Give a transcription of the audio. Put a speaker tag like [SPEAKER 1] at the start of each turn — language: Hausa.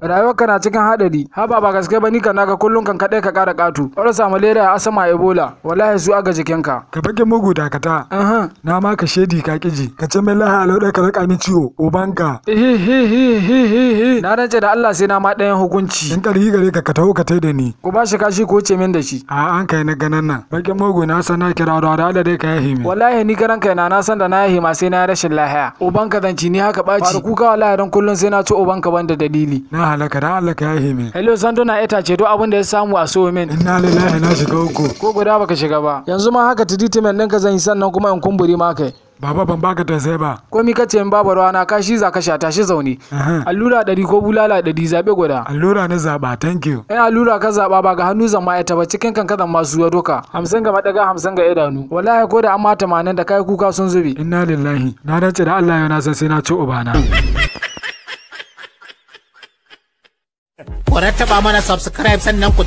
[SPEAKER 1] rayuwarka na cikin hadari haba ba gaske ba ni kan naga kullun kan kadai ka kara katu sa malaria asama ebola wallahi su aga jikinka ka fage mugu dakata aha na ma ka shedi ka kiji ka ce mai laha alau ka raka ni ciwo ubanka na rance da Allah sai na ma ɗayan hukunci in rigi gare ka ka tawo ka tai da ni ku ba shi kashi ko ce min da shi a an kai na ganan nan fage mugu na san na kira da Allah dai ka yahimi wallahi ni karan kai na na san da na yahi ma sai na rashin lahiya ubanka zanci ni haka baci ka wallahi dan kullun sai na ci ubanka banda dalili halaka da, Allah ka yi min hello sando na ita ce duk abin da ya samu a so min inna lillahi na shiga uku ko guda baka shiga ba yanzu ma haka treatment ɗinka zan yi sannan kuma in kumburi ma kai Baba ban baka ta sai ba. Ko mi kace in baba ruwana ka shi za ka sha tashi zaune. Allura ɗari ko bulala ɗari zabe guda. Allura na zaba thank you. Eh allura ka zaba ba ga hannu zan ma ita ba cikin kan kadan ma su doka. 50 ga madaga 50 ga idanu. Wallahi ko da amma 80 da kai kuka sun zubi. Inna lillahi. Na dace da Allah ya na san sai na ci ubana. Ku ba mana subscribe sannan ku